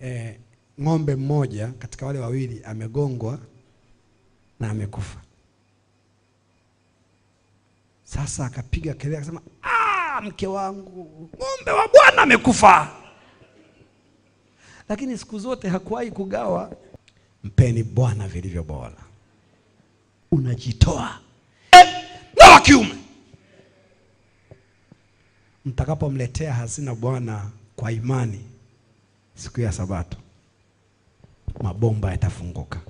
eh, ng'ombe mmoja katika wale wawili amegongwa na amekufa. Sasa akapiga kelele akasema, ah, mke wangu, ng'ombe wa bwana amekufa. Lakini siku zote hakuwahi kugawa. Mpeni Bwana vilivyo bora. Unajitoa eh, na wa kiume, mtakapomletea hazina Bwana kwa imani siku ya Sabato mabomba yatafunguka.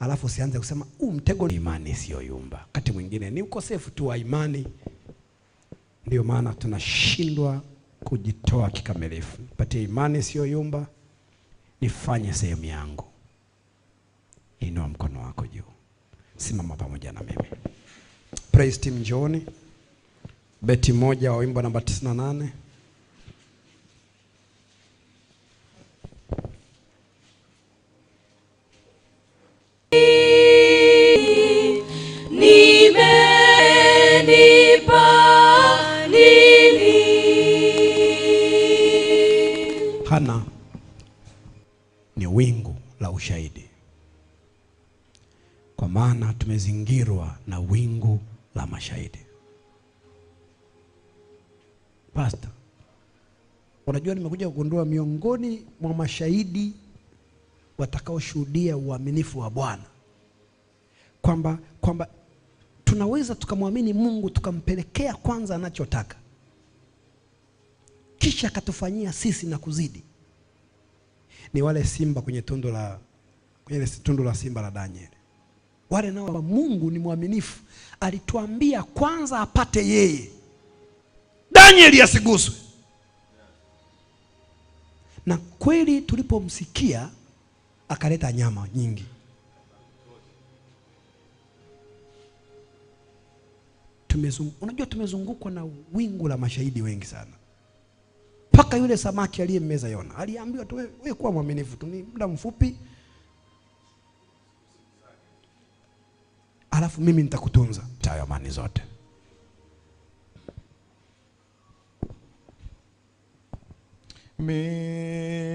Alafu usianze kusema huu mtego ni imani isiyoyumba. Wakati mwingine ni ukosefu tu wa imani, ndio maana tunashindwa kujitoa kikamilifu. Patie imani isiyoyumba, nifanye sehemu yangu. Inua mkono wako juu, simama pamoja na mimi. Praise team, njooni beti moja wa wimbo namba 98. Hana ni wingu la ushahidi, kwa maana tumezingirwa na wingu la mashahidi. Pastor, unajua nimekuja kugundua miongoni mwa mashahidi watakaoshuhudia uaminifu wa Bwana kwamba kwamba tunaweza tukamwamini Mungu tukampelekea kwanza anachotaka kisha akatufanyia sisi na kuzidi ni wale simba kwenye tundu la, kwenye tundu la simba la daniel wale nao. Mungu ni mwaminifu, alituambia kwanza apate yeye, Danieli asiguswe. Na kweli tulipomsikia akaleta nyama nyingi. Tumezungu, unajua tumezungukwa na wingu la mashahidi wengi sana mpaka yule samaki aliyemmeza Yona aliambiwa tu, wewe kuwa mwaminifu tu, ni muda mfupi, alafu mimi nitakutunza tayo amani zote. Me